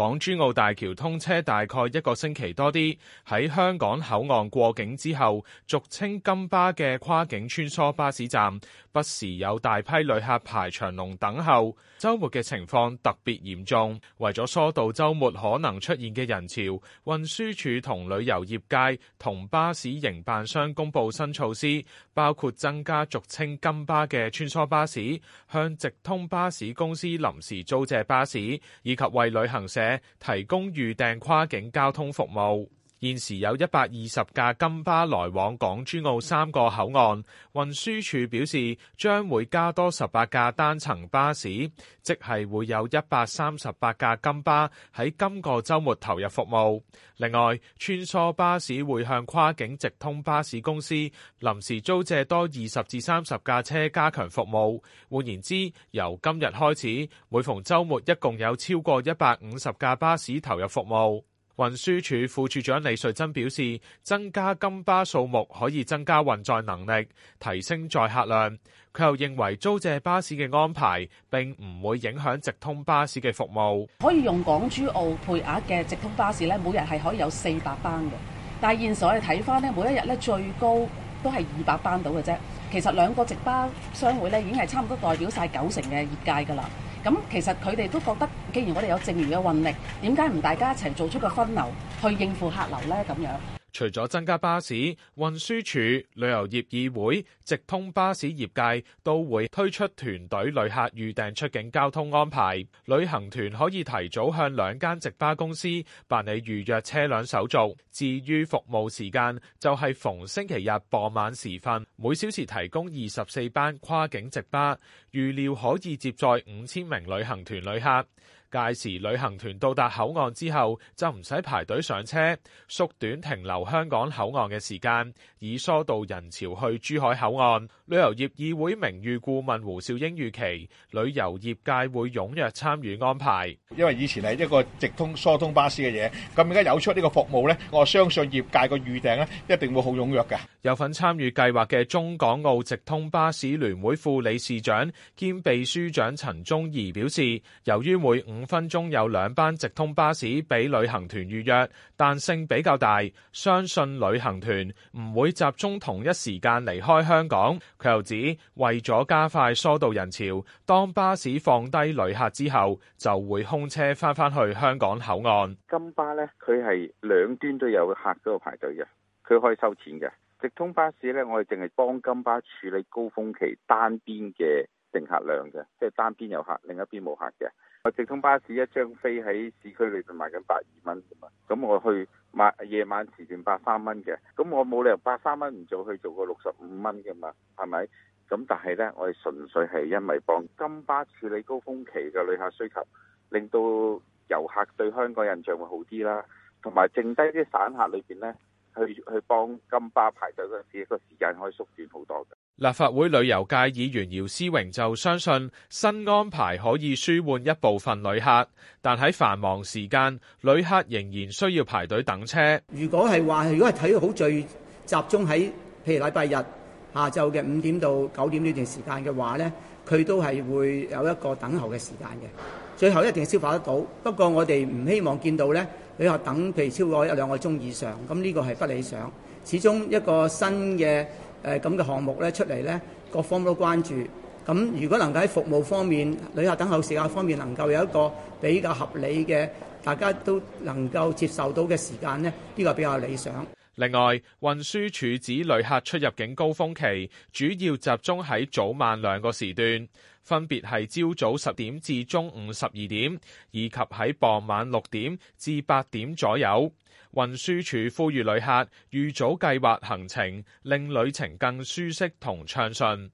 港珠澳大橋通車大概一個星期多啲，喺香港口岸過境之後，俗稱金巴嘅跨境穿梭巴士站不時有大批旅客排長龍等候。週末嘅情況特別嚴重，為咗疏導週末可能出現嘅人潮，運輸署同旅遊業界同巴士營辦商公布新措施，包括增加俗稱金巴嘅穿梭巴士，向直通巴士公司臨時租借巴士，以及為旅行社提供預訂跨境交通服務。現時有一百二十架金巴來往港珠澳三個口岸，運輸署表示將會加多十八架單層巴士，即係會有一百三十八架金巴喺今個周末投入服務。另外，穿梭巴士會向跨境直通巴士公司臨時租借多二十至三十架車加強服務。換言之，由今日開始，每逢周末一共有超過一百五十架巴士投入服務。運輸署副署長李萃珍表示，增加金巴數目可以增加運載能力，提升載客量。佢又認為租借巴士嘅安排並唔會影響直通巴士嘅服務。可以用港珠澳配額嘅直通巴士咧，每日係可以有四百班嘅，但係現時我哋睇翻咧，每一日咧最高都係二百班到嘅啫。其實兩個直巴商會咧已經係差唔多代表晒九成嘅業界噶啦。咁其實佢哋都覺得，既然我哋有剩餘嘅運力，點解唔大家一齊做出個分流，去應付客流咧？咁樣。除咗增加巴士，運輸署、旅遊業議會、直通巴士業界都會推出團隊旅客預訂出境交通安排。旅行團可以提早向兩間直巴公司辦理預約車輛手續。至於服務時間，就係、是、逢星期日傍晚時分，每小時提供二十四班跨境直巴，預料可以接載五千名旅行團旅客。屆時旅行團到達口岸之後，就唔使排隊上車，縮短停留香港口岸嘅時間，以疏導人潮去珠海口岸。旅遊業議會名譽顧問胡少英預期，旅遊業界會踴躍參與安排，因為以前係一個直通疏通巴士嘅嘢，咁而家有出呢個服務呢？我相信業界嘅預訂咧一定會好踴躍嘅。有份參與計劃嘅中港澳直通巴士聯會副理事長兼秘書長陳宗儀表示，由於會五。五分鐘有兩班直通巴士俾旅行團預約，彈性比較大，相信旅行團唔會集中同一時間離開香港。佢又指為咗加快疏導人潮，當巴士放低旅客之後，就會空車翻返去香港口岸。金巴呢，佢係兩端都有客嗰個排隊嘅，佢可以收錢嘅。直通巴士呢，我哋淨係幫金巴處理高峰期單邊嘅乘客量嘅，即係單邊有客，另一邊冇客嘅。啊！直通巴士一張飛喺市區裏邊賣緊八二蚊噶嘛，咁我去買夜晚時段八三蚊嘅，咁我冇理由八三蚊唔做去做個六十五蚊噶嘛，係咪？咁但係呢，我哋純粹係因為幫金巴處理高峰期嘅旅客需求，令到遊客對香港印象會好啲啦，同埋剩低啲散客裏邊呢，去去幫金巴排隊嗰陣時，個時間可以縮短好多。立法會旅遊界議員姚思榮就相信新安排可以舒緩一部分旅客，但喺繁忙時間，旅客仍然需要排隊等車。如果係話，如果係睇好最集中喺，譬如禮拜日下晝嘅五點到九點呢段時間嘅話呢，佢都係會有一個等候嘅時間嘅。最後一定消化得到，不過我哋唔希望見到呢，旅客等譬如超過一兩個鐘以上，咁呢個係不理想。始終一個新嘅。誒咁嘅項目咧出嚟咧，各方都關注。咁如果能夠喺服務方面、旅客等候時間方面能夠有一個比較合理嘅，大家都能夠接受到嘅時間咧，呢、呢個比較理想。另外，運輸署指旅客出入境高峰期主要集中喺早晚兩個時段，分別係朝早十點至中午十二點，以及喺傍晚六點至八點左右。運輸署呼籲旅客預早計劃行程，令旅程更舒適同暢順。